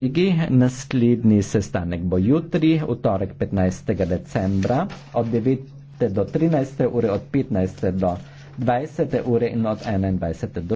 G naslednji sestanek bo jutri, v torek 15. decembra od 9. do 13. ure, od 15. do 20. ure in od 21. do